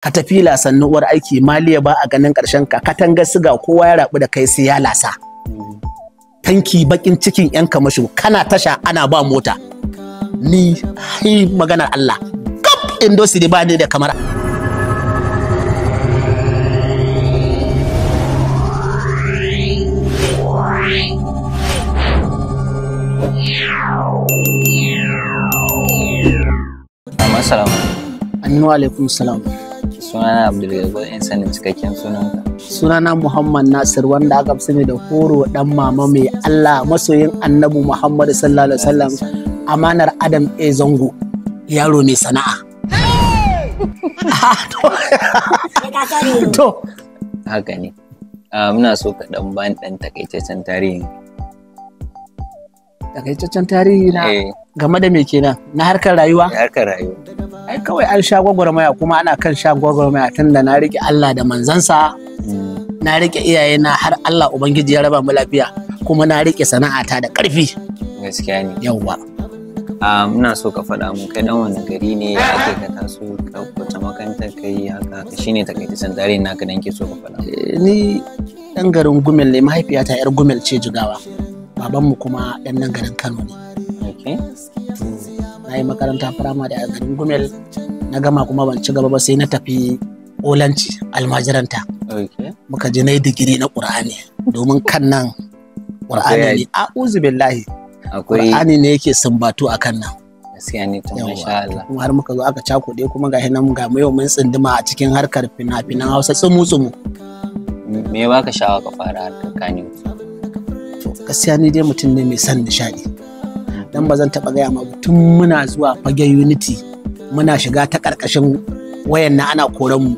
Ka tafi lasannin uwar aiki maliya ba a ganin karshen ka katanga siga kowa ya rabu da kai sai ya lasa tanki bakin cikin yan kamasho kana tasha ana ba mota ni hai maganar Allah kap si ba ne da kamar Assalamu alaikum. alaikum salam. sunana abdulgabo ya sanin cikakken sunan sunana muhammad nasir wanda aka fi sani da horo dan mama mai allah masoyin annabi muhammadu sallallahu alaihi wasallam amanar adam a zango yaro mai sana'a to haka ne ah, muna so ka dan ban dan takaitaccen tarihi takaitaccen tarihi na eh. game da me kenan na harkar rayuwa harkar rayuwa ai kawai an sha gwagwarmaya kuma ana kan sha gwagwarmaya tun da na rike Allah da manzansa mm. na rike iyayena har Allah ubangiji ya raba mu lafiya kuma na rike sana'ata da ƙarfi gaskiya ne yawwa ina ah, so ka faɗa mun kai dan wani gari ne ya ake ka taso ka wata makaranta kai haka ka shine takaitaccen tarihin na dan ke so ka faɗa eh, ni dan garin gumel ne mahaifiyata yar gumel ce jigawa babanmu kuma dan nan garin Kano ne mm. na yi makaranta firamare a garin gumel na gama kuma ban ci gaba ba sai na tafi olanci almajiranta muka je na yi digiri na ƙur'ani domin kan nan ƙur'ani ne a billahi ƙur'ani ne yake sumbatu a kan nan masha Allah kuma har muka zo aka cakuɗe kuma ga nan ga mayo mun tsinduma a cikin harkar fina-finan Hausa tsumu tsumu me ba ka shawa ka fara harkar kanin to gaskiya ni dai mutum ne mai son nishaɗi dan ba zan taɓa gaya ma tun muna zuwa fagen unity muna shiga ta ƙarƙashin wayan na ana koran mu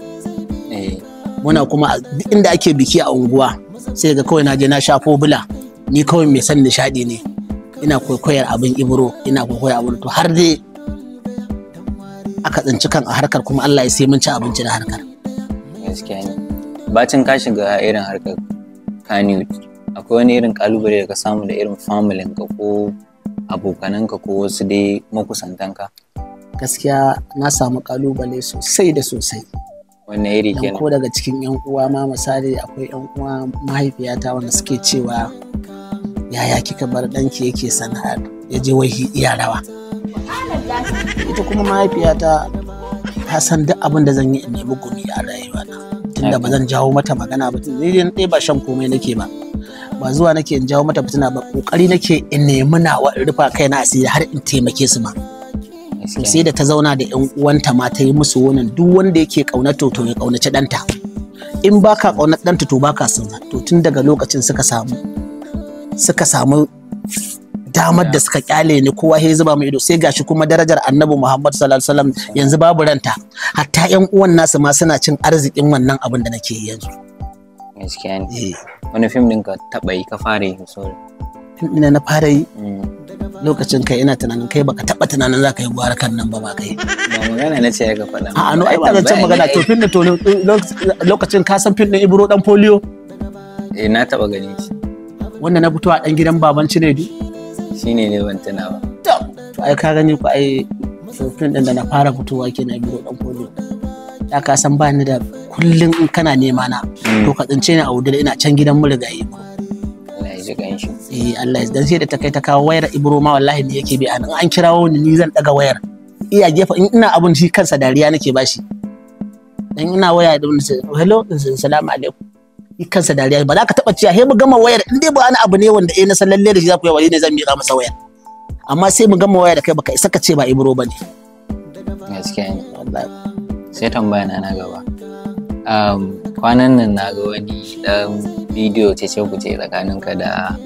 eh, muna kuma inda ake biki a unguwa sai ga kawai na je na sha bula ni kawai mai san nishaɗi ne ina kwaikwayar abin ibro ina kwaikwayar abin to har dai aka tsinci kan a harkar kuma Allah ya sai mun ci abinci da harkar gaskiya ne bacin ka shiga irin harkar Kannywood akwai wani irin kalubale da ka samu da irin familin ka ko abokananka ko wasu dai makusantanka? Gaskiya na samu kalubale sosai da sosai. Wanne iri kenan? Ko daga cikin 'yan uwa ma misali akwai 'yan uwa mahaifiyata wanda suke cewa yaya kika bar ɗanki yake sana'ar ya je wai iya rawa. Ita kuma mahaifiyata ta san duk abin da zan yi in nemi gumi a rayuwa na. Tunda ba zan jawo mata magana ba ni dai ba shan komai nake ba. ba zuwa nake in jawo mata fitina ba kokari nake in nemi nawa in rufa kaina asiri har in taimake su ma sai da ta zauna da yan uwanta ma ta yi musu wannan duk wanda yake kaunato to ya kaunaci danta in baka kaunar danta to baka son to tun daga lokacin suka samu suka samu damar da suka kyale ni kowa ya zuba mu ido sai gashi kuma darajar annabi Muhammad sallallahu alaihi wasallam yanzu babu ranta hatta yan uwan nasu ma suna cin arzikin wannan abin da nake yanzu gaskiya ne eh. wani fim din ka taba yi ka fara yi so fim din na fara yi mm. lokacin kai ina tunanin kai baka taba tunanin za ka yi gwara kan nan ba ba kai ba magana na ce ga faɗa a no ai ba zan magana to fim din to lokacin ka san fim din ibro dan polio eh na taba gani shi wanda na fito a dan gidan baban Cinedu shine ne ban tuna ba to ai ka gani ku ai fim din da na fara fitowa kenan ibro dan polio ya ka san ba ni da kullum in kana nema na mm. to ka tsince ni a wudil ina can gidan mu yi ko eh Allah ya sai da ta kai ta kawo wayar Ibro ma wallahi ne yake bi an an kirawo ni ni zan daga wayar iya gefa in ina abun shi kansa dariya nake bashi dan ina waya da oh, hello assalamu alaikum kansa dariya ba za ka taba cewa he mu gama wayar in dai ba wani abu ne wanda eh na san lalle da shi za ku yi ne zan miƙa masa wayar amma sai mu gama waya da kai baka isa ka ce ba Ibro bane gaskiya ne sai tambaya na na gaba um, kwanan nan na ga wani dan bidiyo ce ce tsakanin ka da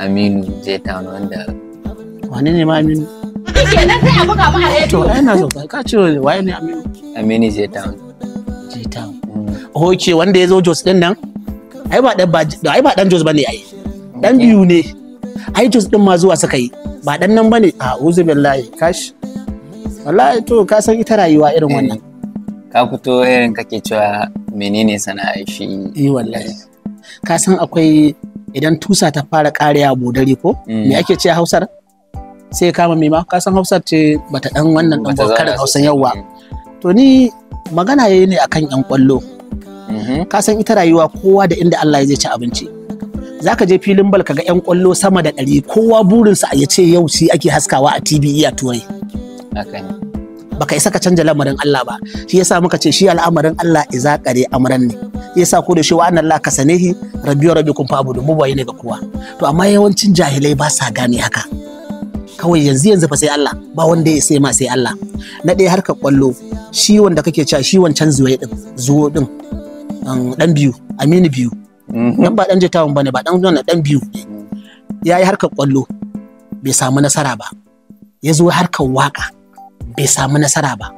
aminu jetan wanda wani ne ma aminu kenan sai a buga mu a to ai na zo ka ce waye ne aminu aminu jetan jetan mm. ok wanda ya zo jos din nan ai ba dan ba ai ba dan jos bane ai dan biyu ne ai jos din ma zuwa suka yi ba dan nan bane a uzu billahi kash wallahi to ka san ita rayuwa irin wannan ka fito irin kake cewa menene sana'a shi yi eh, wallahi ka san akwai idan tusa ta fara kariya dare ko mm. me ake ce hausar sai kama me ma ka san hausar ce bata dan wannan dan bokarin hausan yawa to ni magana yayi ne akan yan kwallo mm-hmm. ka san ita rayuwa kowa da inda Allah ya zai ci abinci zaka je filin bal kaga yan kwallo sama da ɗari kowa burinsa ya ce yau shi ake haskawa a TV a turai baka isa ka canja lamarin Allah ba shi yasa muka ce shi al'amarin Allah iza kare amran ne yasa ko da shi wa anna Allah kasanehi rabbiyo rabbikum fa'budu mu bayyana ne ga kowa to amma yawancin jahilai ba sa gane haka kawai yanzu yanzu fa sai Allah ba wanda ya sai ma sai Allah na ɗaya harkar kwallo shi wanda kake cewa shi wancan zuwa din zuwa din dan um, biyu aminu biyu dan mhm. ba dan jitawan bane ba dan wannan dan biyu yayi harkar kwallo bai samu nasara ba ya zo harkar waka bai samu nasara ba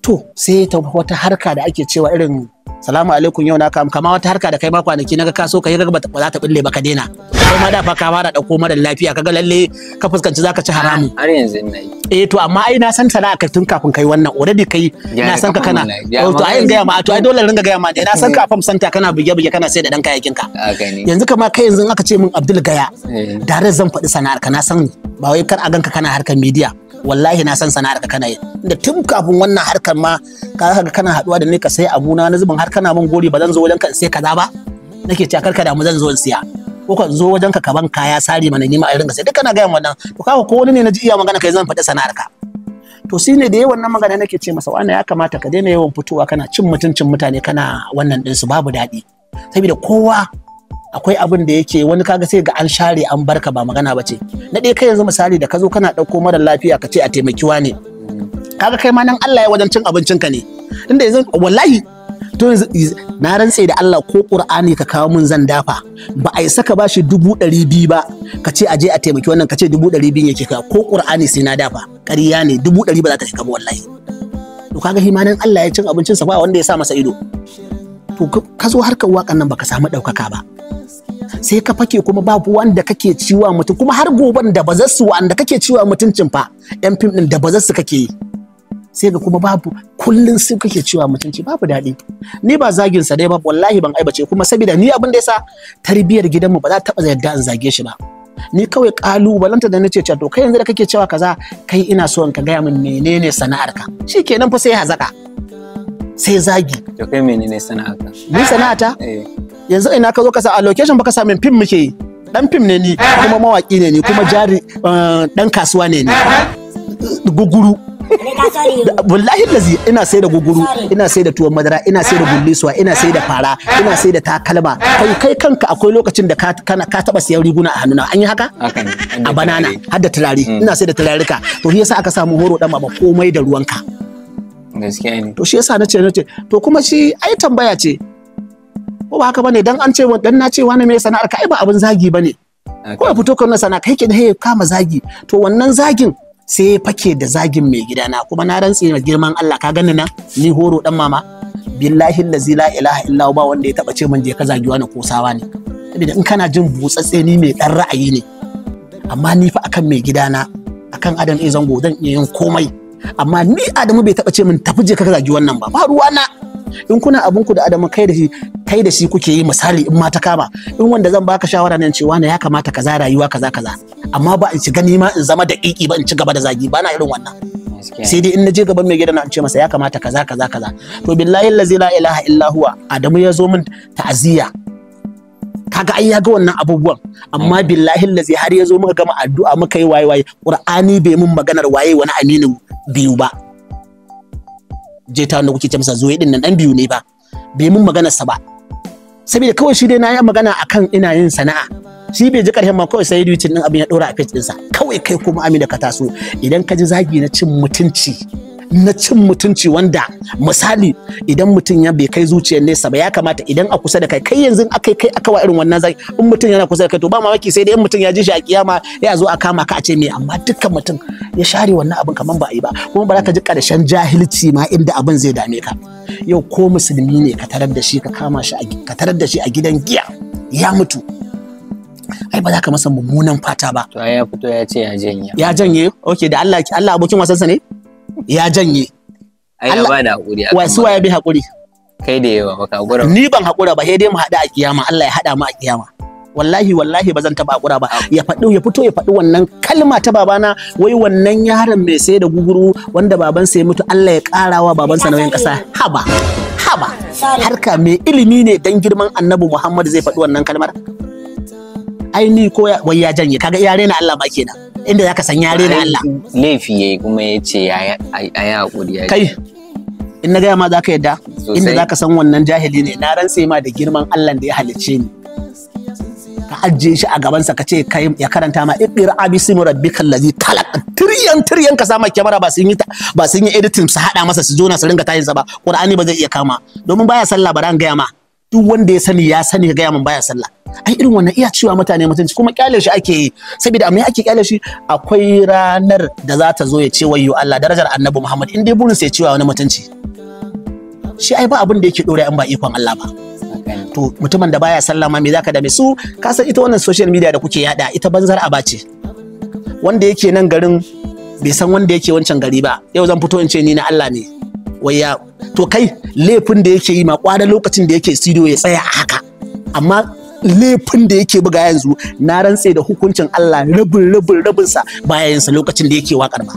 to sai ta wata harka da ake cewa irin salamu alaikum yau na kam kama wata harka da kai ma kwanaki naga ka so yi ga ba za ta ɓille ba ka daina kai ma da fa ka fara dauko mara lafiya kaga lalle ka fuskanci zaka ci haramu har yanzu nayi eh to amma ai na san sana'a ka tun kafin kai wannan already kai oh, na san ka eh. kana to ai ga ma to ai dole ringa ga ma na san ka fam santa kana buge buge kana sai da dan kayakin ka yanzu kama kai yanzu aka ce min Abdul Gaya eh. da zan faɗi sana'ar ka na san ba wai kar a ganka kana harkar media wallahi na san sana'ar ka kana yi da tun kafin wannan harkar ma ka ga kana haduwa da ni ka sai abuna na zubin har kana min gori ba zan zo wajen ka sai kaza ba nake cewa karka da mu zan zo in siya ko ka zo wajen ka kaban kaya sari mana ni ma irin ka sai duka na ga wannan to ka ko wani ne na ji iya magana kai zan faɗi sana'ar ka to shi da yawan wannan magana nake ce masa wani ya kamata ka daina yawan fitowa kana cin mutuncin mutane kana wannan din su babu daɗi saboda kowa akwai abin da yake wani kaga sai ga an share an barka ba magana ba ce na ɗaya kai yanzu misali da ka zo kana ɗauko mara lafiya ka ce a taimaki ne. kaga kai ma nan Allah ya wajen cin abincin ka ne inda yanzu wallahi to na rantse da Allah ko Qur'ani ka kawo mun zan dafa ba a saka ka bashi dubu ɗari biyu ba ka ce aje a taimaki wannan ka ce dubu ɗari biyu yake ka ko Qur'ani sai na dafa ƙarya ne dubu ɗari ba za ka shiga ba wallahi to kaga himanin Allah ya cin abincin sa ba wanda ya sa masa ido to ka zo harkar waƙan nan baka samu ɗaukaka ba sai ka fake kuma babu wanda kake ciwa mutum kuma har goban da bazar su wanda kake ciwa mutuncin fa yan fim ɗin da bazar su kake yi sai ga kuma babu kullun su kake ciwa mutunci babu daɗi ni ba zagin sa dai ba wallahi ban aibace kuma saboda ni abin da yasa tarbiyyar gidanmu ba za ta taɓa yarda an zage shi ba ni kawai kalubalanta da nace to kai yanzu da kake cewa kaza kai ina so ka gaya min menene sana'arka shikenan fa sai hazaka sai zagi to kai ne sana'a ka ni sana'ata eh. yanzu ina ka zo ka sa a location baka sa min fim muke yi dan fim ne ni kuma mawaki ne ni kuma jari eh, dan kasuwa ne ni guguru wallahi lazi ina sai da guguru ina sai da tuwon madara ina sai da gullisuwa ina sai da fara ina sai da takalma kai kai kanka akwai lokacin da ka ka taba siyan riguna a hannuna an yi haka a banana eh. har da turare mm. ina sai da turarika to yasa aka samu horo dan ba komai da ruwanka gaskiya ne to shi yasa nace ce to kuma shi ai tambaya ce ko ba haka bane dan an ce dan na ce wani mai sana'ar ka ai ba abin zagi bane ko ya fito kan sana'a kai ke da kama zagi to wannan zagin sai fake da zagin mai gidana kuma na rantse ma girman Allah ka gani na ni horo dan mama billahi allazi la ilaha illa ba wanda ya taba ce min je ka zagi wani ko sawa ne saboda in kana jin butsatse ni mai dan ra'ayi ne amma ni fa akan mai gidana akan adam zango zan iya yin komai amma ni Adamu bai taba ce min tafi je ka zagi wannan ba ba ruwa na in kuna abun ku da Adamu kai da shi kai da shi kuke yi misali in ma ta kama in wanda zan baka shawara nan cewa na ya kamata kaza rayuwa kaza kaza amma ba in ci gani ma in zama da kiki ba in ci gaba da zagi ba na irin wannan sai dai in na je gaban mai gida na ce masa ya kamata kaza kaza kaza to billahi allazi la ilaha illa huwa Adamu ya zo min ta'aziyya kaga ai ya ga wannan abubuwan amma billahi lazi har ya zo muka gama addu'a muka yi waye waye qur'ani bai mun maganar waye wani aminin biyu ba je ta wanda kuke ce zuwa zoye din dan biyu ne ba bai mun maganar sa ba saboda kawai shi dai na yi magana akan ina yin sana'a shi bai ji karshen ma kawai sai yucin din abin ya dora a page kawai kai kuma amina ka taso idan ka ji zagi na cin mutunci na cin mutunci wanda misali idan mutum ya bai kai zuciyar nesa ba ya kamata idan a kusa da kai kai yanzu akai kai aka wa irin wannan zai in mutum yana kusa da kai to ba mamaki sai dai in mutum ya ji shi a kiyama ya zo a kama ka a ce me amma dukkan mutum ya share wannan abin kaman ba a yi ba kuma ba za ka ji karshen jahilci ma inda abin zai dame ka yau ko musulmi ne ka tarar da shi ka kama shi ka tarar da shi a gidan giya ya mutu ai ba za ka masa mummunan fata ba to ya fito ya ce ya janye ya janye okay da Allah Allah abokin wasansa ne ya janye Allah ba na hakuri wa suwa ya bi hakuri kai da yawa baka hakura ni ban hakura ba sai dai mu hada a kiyama Allah ya hada mu a kiyama wallahi wallahi ba zan taba hakura ba ya fadi ya fito ya faɗi wannan kalma ta babana wai wannan yaron mai sai da guguru wanda baban sai mutu Allah ya karawa sa nauyin kasa haba haba harka mai ilimi ne dan girman annabi Muhammad zai faɗi wannan kalmar ai ni ko wai ya janye kaga yare na Allah ba kenan inda zaka san yare na Allah laifi yayi kuma yace a yi hakuri ya kai in na gaya ma zaka yadda inda zaka san wannan jahili ne na rantse ma da girman Allah da ya halicce ni ka ajiye shi a gabansa ka ce kai ya karanta ma iqra abisimu rabbikal ladhi khalaq tiriyan tiryan ka sama kyamara ba sun yi ba sun yi editing su hada masa su jona su ringa tayin sa ba qur'ani ba zai iya kama domin baya sallah ba ran gaya ma duk wanda ya sani ya sani gaya min baya sallah ai irin wannan iya cewa mutane mutunci kuma kyale shi ake yi saboda amma ake kyale shi akwai ranar da za ta zo ya ce wayyo Allah darajar Annabi Muhammad in dai burin sai cewa wani mutunci shi ai ba abin da yake dore in ba ikon Allah ba to mutumin da baya sallah ma me zaka dame su ka san ita wannan social media da kuke yada ita banzar aba ce wanda yake nan garin bai san wanda yake wancan gari ba yau zan fito in ce ni na Allah ne wai ya to kai laifin da yake yi ma kwana lokacin da yake studio ya tsaya a haka amma laifin da yake buga yanzu na rantse da hukuncin Allah rabin rabin rabin sa bayan sa lokacin da yake wakar ba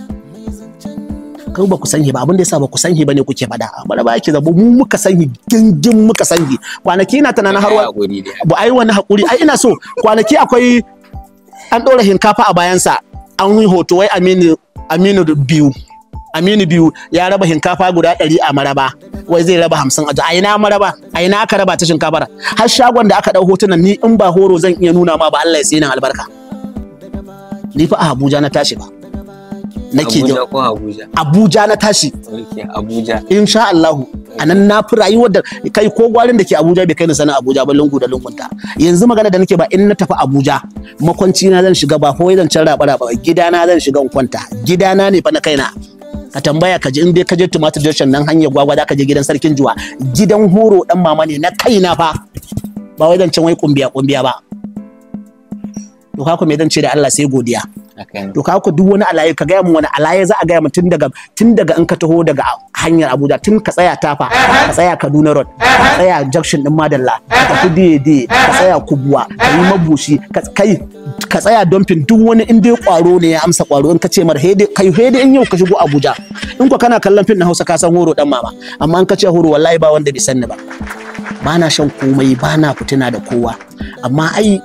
kan ba ku sanhi ba abin da yasa ba ku sanhi bane kuke fada da. ba yake zabo mu muka sanhi gingin muka sanhi kwanaki ina na harwa ba ai wani hakuri ai ina so kwanaki akwai an ɗora hinkafa a bayan sa an hoto wai aminu aminu biyu aminu biyu ya raba shinkafa guda ɗari a maraba wai zai raba hamsin a a ina maraba a ina aka raba ta shinkafar har shagon da aka ɗau hotunan ni in ba horo zan iya nuna ma ba Allah ya tsinin albarka ni fa a Abuja na tashi ba nake Abuja ko Abuja Abuja na tashi Abuja insha Allah a nan na fi rayuwar da kai ko gwarin da ke Abuja bai kai ni sana Abuja ba lungu da lungunta yanzu magana da nake ba in na tafi Abuja makwanci na zan shiga ba ko zan can raba raba gidana zan shiga in kwanta gidana ne fa na kaina ka tambaya ka ji in dai ka je tumatir junction nan hanyar gwagwa za ka je gidan sarkin juwa gidan horo dan mama ne na kaina fa ba wai zan can wai kumbiya kumbiya ba to haka me zan ce da Allah sai godiya to ka ku duk wani alaye ka gaya mu wani alaye za a gaya mu tun daga tun daga in ka taho daga hanyar Abuja tun ka tsaya tafa ka tsaya Kaduna Road ka tsaya junction din Madalla ka tafi Dede ka tsaya Kubuwa ka yi mabushi ka kai ka tsaya dumping duk wani in dai kwaro ne ya amsa kwaro in ka ce mar hede kai hede in yau ka shigo Abuja in ku kana kallon fim na Hausa ka san horo dan mama amma in ka ce horo wallahi ba wanda bai sanni ba bana shan komai bana fitina da kowa amma ai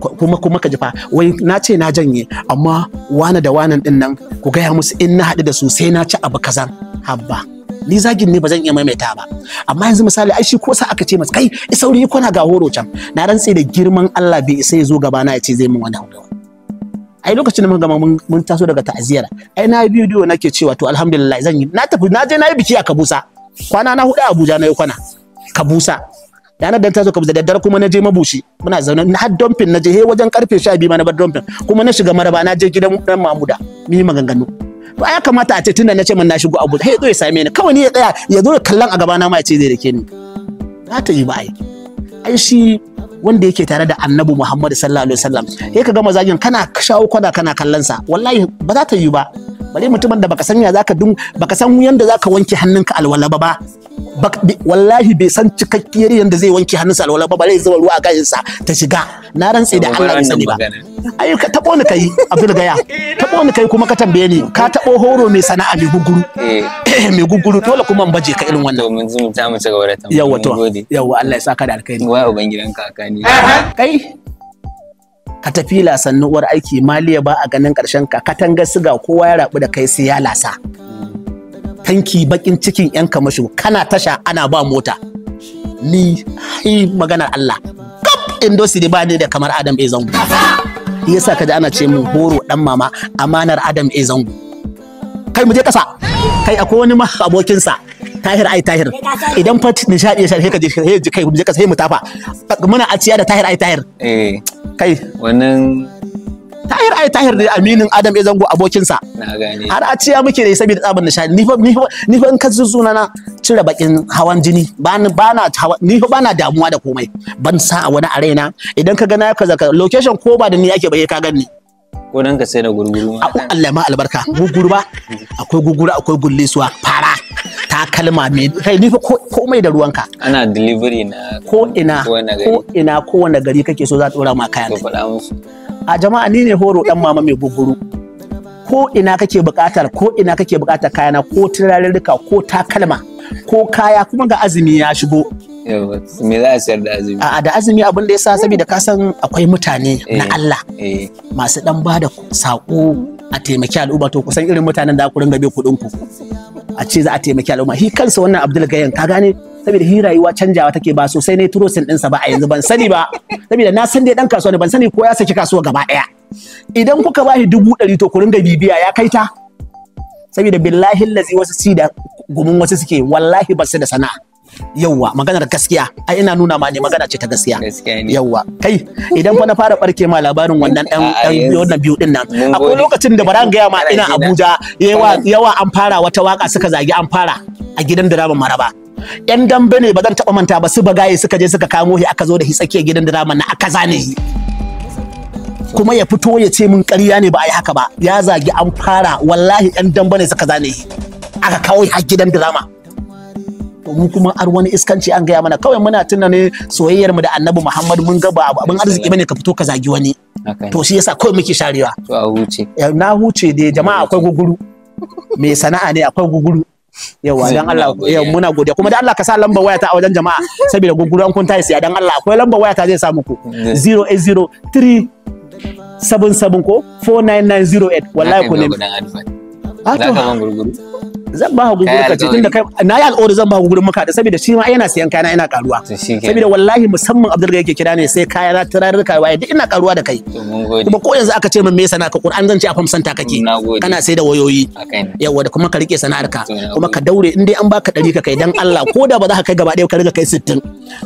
kuma kuma ka ji fa wai na ce na janye amma wani da wani din nan ku gaya musu in na haɗu da su sai na ci abu kaza. habba ni zagin ne ba zan iya maimaita ba amma yanzu misali ai shi ko sa aka ce masa kai sauri kwana ga horo can na rantse da girman Allah bai sai ya zo gaba na ya ce zai min wani horo ai lokacin mun gama mun taso daga ta'aziyar ai na bidiyo nake cewa to alhamdulillah zan yi na tafi na je na yi biki a Kabusa kwana na hudu a Abuja na yi kwana Kabusa ranar da ta zo da dare kuma na je mabushi muna zaune na har dumping na je he wajen karfe 12 ma na bar dumping kuma na shiga maraba na je gidan dan mamuda mi maganganu to ya kamata a ce tunda na ce man na shigo abu he zo ya same ni kawai ni ya tsaya ya zo kallon a gaba na ma ya ce zai dake ni za ta yi ba ai ai shi wanda yake tare da annabi Muhammadu sallallahu alaihi wasallam sai ka gama zagin kana shawo kwada kana kallon sa wallahi ba za ta yi ba bare mutumin da baka san ya zaka dun baka san yanda zaka wanke hannunka alwala ba ba wallahi bai san cikakkiyar yanda zai wanke hannunsa alwala ba bare zuba ruwa a gashin ta shiga na rantse da Allah ya sani ba ayyuka ta kona kai Abdul Gaya taɓo ni kai kuma ka tambaye ni ka taɓo horo mai sana'a mai guguru eh. Eh, mai guguru dole kuma in baje ka irin wannan domin zumun ta mu ci gaba da tambaya yawa to yawa Allah ya saka da alkhairi wa ubangidan kakani kai ka tafi lasannin uwar aiki maliya ba a ganin karshen ka katanga siga kowa ya rabu da kai sai ya lasa tanki bakin cikin yan kamasho kana tasha ana ba mota ni hai maganar Allah kap indosi da ba ne da kamar Adam bai zango shi yasa kaji ana ce mu boro dan mama amanar adam e zango kai mu je kasa kai akwai wani ma abokinsa tahir ai tahir idan fa nishadi ya shafe ka je kai mu je kasa sai mu tafa muna ciya da tahir ai tahir eh kai wannan tahir ai tahir ne aminin adam ya zango abokinsa har a ciya muke da saboda da shani ni fa ni fa in ka zuzu na cire bakin hawan jini ba na ni fa bana damuwa da komai ban sa a wani arena idan ka gana kaza ka location ko ba da ni ake bai ka ganni ko dan ka sai da gurguru ma Allah ma albarka gurguru ba akwai gurguru akwai gullisuwa fara ta kalma mai kai ni fa komai da ruwanka ana delivery na ko ina ko ina kowane gari kake so za ta dora ma kayan faɗa musu a jama'a ni ne horo dan mama mai guguru ko ina kake bukatar ko ina kake bukatar kayana ko turarirrika ko takalma ko kaya kuma ga azumi ya shigo me za a sayar da azumi a da azumi abin da yasa saboda ka san akwai mutane na eh, Allah eh. masu dan bada sako a taimaki al'umma to kusan irin mutanen da ku ringa bai kuɗin ku a ce za a taimaki al'umma shi kansa wannan Abdul Gayan ka gane saboda hi rayuwa canjawa take ba sosai ne turosin ɗinsa ba a yanzu ban sani ba saboda na san dai ɗan kasuwa ne ban sani ko ya saki kasuwa gaba ɗaya idan kuka ba shi dubu ɗari to ku ringa bibiya ya kai ta saboda billahi lazi wasu si gumin wasu suke wallahi ba su da sana'a yawwa maganar gaskiya ai ina nuna ma ne magana ce ta gaskiya yawwa kai idan fa na fara barke ma labarin wannan dan ah, wannan biyu din nan akwai lokacin da baran gaya ma ina Abuja yawa yawa an fara wata waka suka zagi an fara a gidan diraban Maraba yan dambe ne ba zan taɓa manta ba su bagaye suka je suka kamo shi aka zo da shi tsakiyar gidan da na aka zane shi kuma ya fito ya ce mun ƙarya ne ba a yi haka ba ya zagi an fara wallahi yan dambe ne suka zane shi aka kawo shi gidan drama to mu kuma ar wani iskanci an gaya mana kawai muna tuna ne soyayyar mu da annabi muhammad mun ga ba abin arziki bane ka fito ka zagi wani to shi yasa kawai muke sharewa huce eh, na huce dai jama'a akwai guguru mai sana'a ne akwai guguru yawa dan Allah yau muna godiya kuma dan Allah ka sa lambar waya ta a wajen jama'a saboda guguran kun tayi siya dan Allah akwai lambar waya ta zai sa muku 0803 77 ko 49908 wallahi ku nemi ah, a to zan ba gugu ka tunda kai na yi alƙawari zan ba gugu maka da saboda shi ma yana siyan kaya yana karuwa saboda wallahi musamman Abdul yake kira ne sai kaya na turarar kaya duk ina karuwa da kai kuma ko yanzu aka ce min me sana'a ka Qur'an zan ce a ta kake kana sai da wayoyi yawa da kuma ka rike ka kuma ka daure in dai an baka ɗari ka kai dan Allah ko da ba za ka kai gaba ɗaya ka riga kai sittin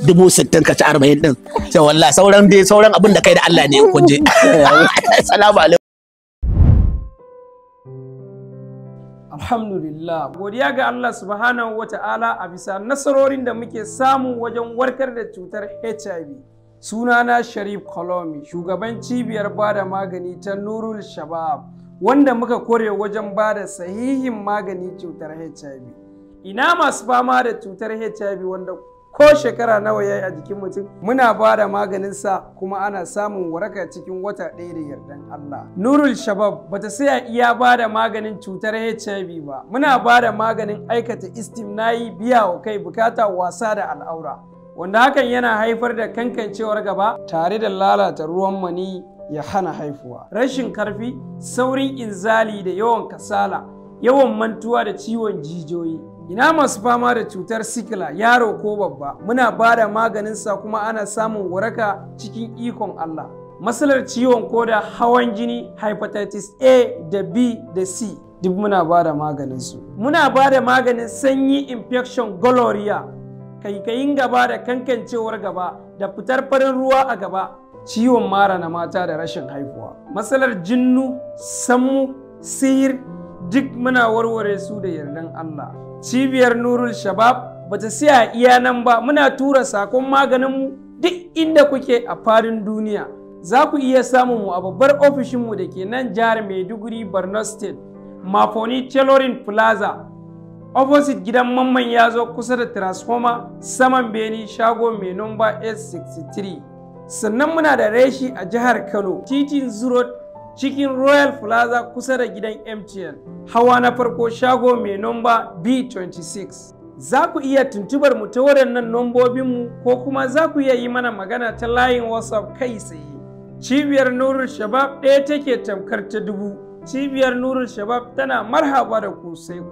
dubu sittin ka ci arba'in din sai wallahi sauran dai sauran abin da kai da Allah ne kunje je salamu alaikum alhamdulillah godiya ga Allah subhanahu wa ta'ala a bisa nasarorin da muke samu wajen warkar da cutar HIV sunana Sharif Kolomi shugaban cibiyar bada magani ta Nurul Shabab wanda muka kore wajen bada sahihin magani cutar HIV ina masu fama da cutar HIV wanda ko shekara nawa ya yi a jikin mutum muna ba da maganinsa kuma ana samun waraka cikin wata ɗaya da yardan Allah. Nurul Shabab bata saya iya ba da maganin cutar HIV ba muna ba da maganin aikata istimnayi biya wa kai bukata wasa da al'aura wanda hakan yana haifar da kankancewar gaba tare da lalata ruwan mani ya hana haifuwa. Rashin karfi, saurin inzali da yawan kasala, yawan mantuwa da ciwon jijiyoyi. Ina masu fama da cutar sikila yaro ko babba muna ba da maganinsa kuma ana samun waraka cikin ikon Allah. Matsalar ciwon koda hawan jini hepatitis A da B da C duk muna ba da maganinsu. Muna ba da maganin sanyi infection gonorrhea kaikayin gaba da kankancewar gaba da fitar farin ruwa a gaba ciwon mara na mata da rashin haihuwa. Matsalar jinnu, sammu, sihir duk muna warware su da yardan Allah. cibiyar nurul shabab ba ta siya iya nan ba muna tura sakon maganinmu duk inda kuke a fadin duniya za ku iya samun mu a babbar ofishinmu da ke nan jihar maiduguri borno state mafoni tailoring plaza opposite gidan mamman ya zo kusa da transformer saman beni shago mai nomba h63 sannan muna da reshi a jihar kano titin zuro cikin royal plaza kusa da gidan mtn hawa na farko shago mai nomba b26 za ku iya tuntubar mu ta waɗannan mu? ko kuma za ku iya yi mana magana ta layin whatsapp kai tsaye cibiyar nurul shabab ɗaya take tamkar ta dubu cibiyar nurul shabab tana marhaba da ku sai